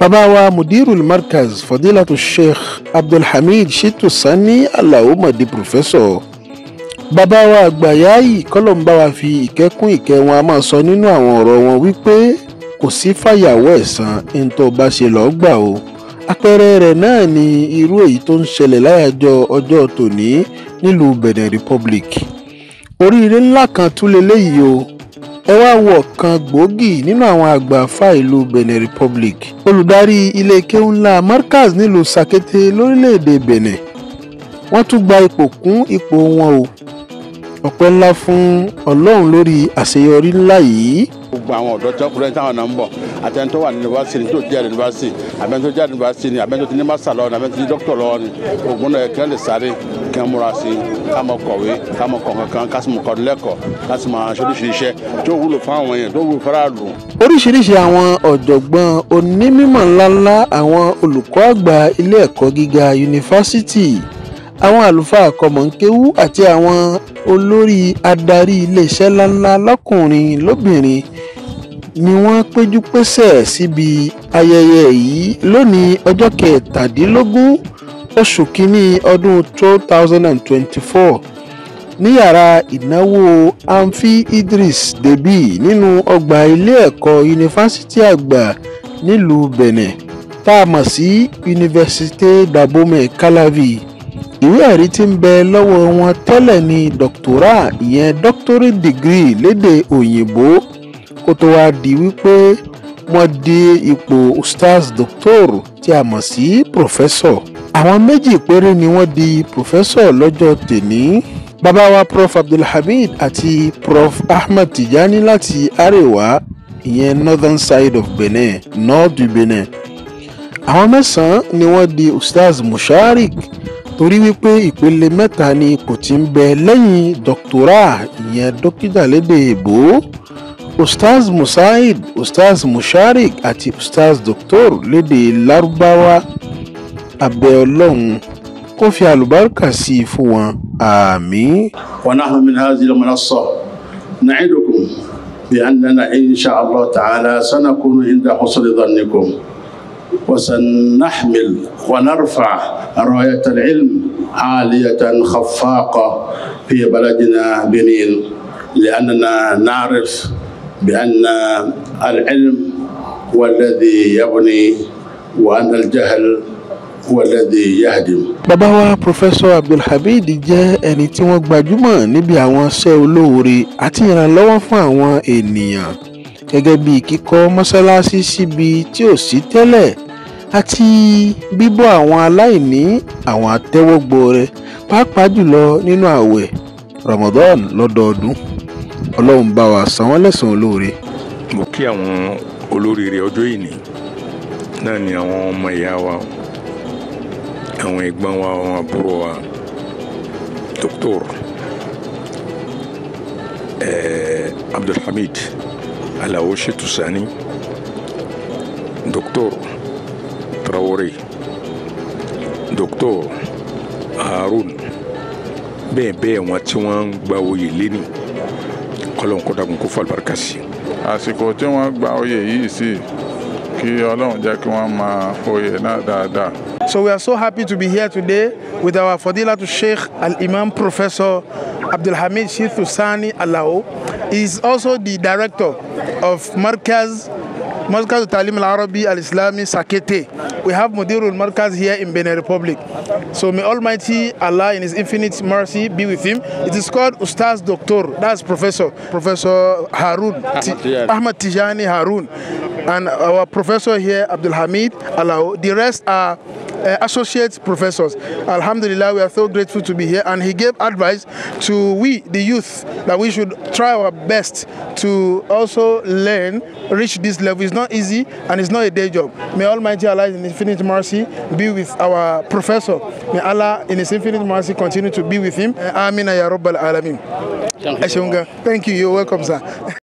bàbá wa mudirul markaz fadilatu sheikh abdulhamid shitu sani alaomade professor bàbá wa àgbàyáyì kọlọmbà wa fi ìkẹkùn ìkẹ wọn a máa sọ nínú àwọn ọ̀rọ̀ wọn wípé kò sí fàyàwọ́ ẹ̀san ntọ́ bá ṣe lọ́ọ́ gbà o àpẹẹrẹ rẹ̀ náà ni irú èyí tó ń ṣẹlẹ̀ láyàjọ ọjọ́ tòní nílùú benin republic oríire ńlá kan tún lélẹ́yìí o ẹ wá wo ọ̀kan gbòógì nínú àwọn àgbà àfà ìlú Benin Republic olùdarí ilé kéwú ńlá Markaz nílùú Sàkété lórílẹ̀‐èdè Benin wọ́n tún gba ipò kún ipò wọn o ọpẹ́ ńlá fún Ọlọ́run lórí àṣeyọrí ńlá yìí gbogbo àwọn ọ̀dọ́ tí wọ́n kúrẹ́ táwọn náà ń bọ̀ àtẹnutọ́ wà ní yunifásitì ní tó jẹ́ yunifásitì àbẹ́ntó jẹ́ yunifásitì ní àbẹ́ntó ti ní màsà lọ́wọ́ ní àbẹ́ntó ti ní dókítà lọ́wọ́ ní ògùn náà kẹ́lẹ́ sáré kí wọ́n múra sí ká mọ kọ̀wé ká mọ kan ká sì mọ kọ́ lẹ́kọ̀ọ́ ká sì máa ṣe oríṣiríṣi iṣẹ́ tó wúlò fún àwọn oríṣiríṣi àwọn ọ̀jọ̀gbọ́n onímọ̀ ńláńlá àwọn olùkọ́ àgbà ilé ẹ̀kọ́ gíga yunifásitì àwọn àlùfáà kọmọ̀nkéwú àti àwọn olórí adarí iléeṣẹ́ ńláńlá lọ́kùnrin lóbìnrin ni wọ́n péjú pésẹ̀ síbi ayẹyẹ yìí lónìí ọjọ́ kẹtàdínlógún oṣù kínní ọdún two thousand and twenty-four ní yàrá ìnáwó amphi idris debi nínú ọgbà ilé ẹ̀kọ́ yunifásitì àgbà nílùú benin tá a mọ̀ sí yunifásitì dabome calavi ìwé ẹ̀rí tí ń bẹ lọ́wọ́ wọn tẹ́lẹ̀ ní dọ́kítọ́rà ìyẹn doctorate degree lédè òyìnbó kó tó wá di wípé wọ́n di ipò ustaz doctor tí a mọ̀ sí professor àwọn méjì péré ni wọ́n di pòfẹ́sọ̀ lọ́jọ́ tèní bàbá wa prof abdulhamid àti prof ahmed tijani láti arewa ìyẹn northern side of benin north du benin àwọn mẹ́sàn-án ni wọ́n di ustaz musharik torí wípé ìpele mẹ́ta ni ipò tí ń bẹ lẹ́yìn dọ́kítọ́rà ìyẹn dókítà lédè èbó ustaz musaid ustaz musharik àti ustaz doctor lédè lárúbáwá abẹ́ ọlọ́run kó fi àlùbáríkà sí i fún wọn àmín. wa nahnu min hadhihi al-manassa na'idukum bi annana insha Allah ta'ala sanakunu inda husni dhannikum وسنحمل ونرفع راية العلم عالية خفاقة في بلدنا بنين لأننا نعرف بأن العلم هو الذي يبني وأن الجهل wọ́lẹ́dẹ̀ yahdim. bàbá wa professor abdulhamid jẹ́ ẹni tí wọ́n gbajúmọ̀ níbi àwọn iṣẹ́ olóore àti ìrànlọ́wọ́ fún àwọn ènìyàn gẹ́gẹ́ bí kíkọ́ mọ́sálásí síbi tí ò sí tẹ́lẹ̀ àti bíbọ́ àwọn aláìní àwọn àtẹ́wọ́gbọrẹ pàápàá jùlọ nínú ààwẹ̀ Ramadan lọ́dọọdún ọlọ́run bá wa san wọ́n lẹ́san olóore. mo kí àwọn olóríire ọjọ́ ìní náà ni àwọn ọmọ ìyá wa àwọn ẹ̀gbọ́n wa àwọn àbúrò wa Dr. eh, Abdulhamid Alao Shitu Sani Dr. Traore Dr. Harun bẹ́ẹ̀ bẹ́ẹ̀ wọn tí wọ́n ń gba oyè lẹ́ni kọ́lọ́n kó dàgùn kó fọ àlùbáríkà sí. àsìkò tí wọ́n gba oyè yìí sí kí ọlọ́run jẹ́ kí wọ́n máa oyè náà dáadáa. So we are so happy to be here today with our Fadila to Sheikh Al-Imam Professor Hamid Sheikh Husani Alao. He is also the director of Markaz Markaz Talim Al-Arabi Al-Islami Sakete. We have Mudirul Markaz here in Benin Republic. So may Almighty Allah in His infinite mercy be with him. It is called Ustaz Doctor. That's Professor. Professor Harun. Ahmad Tijani Harun. And our professor here, Abdul Hamid Alao. The rest are uh, associate professors. Alhamdulillah, we are so grateful to be here. And he gave advice to we, the youth, that we should try our best to also learn, reach this level. It's not easy and it's not a day job. May Almighty Allah in infinite mercy be with our professor. May Allah in his infinite mercy continue to be with him. Amina ya Rabbal Alameen. Thank you. You're welcome, sir.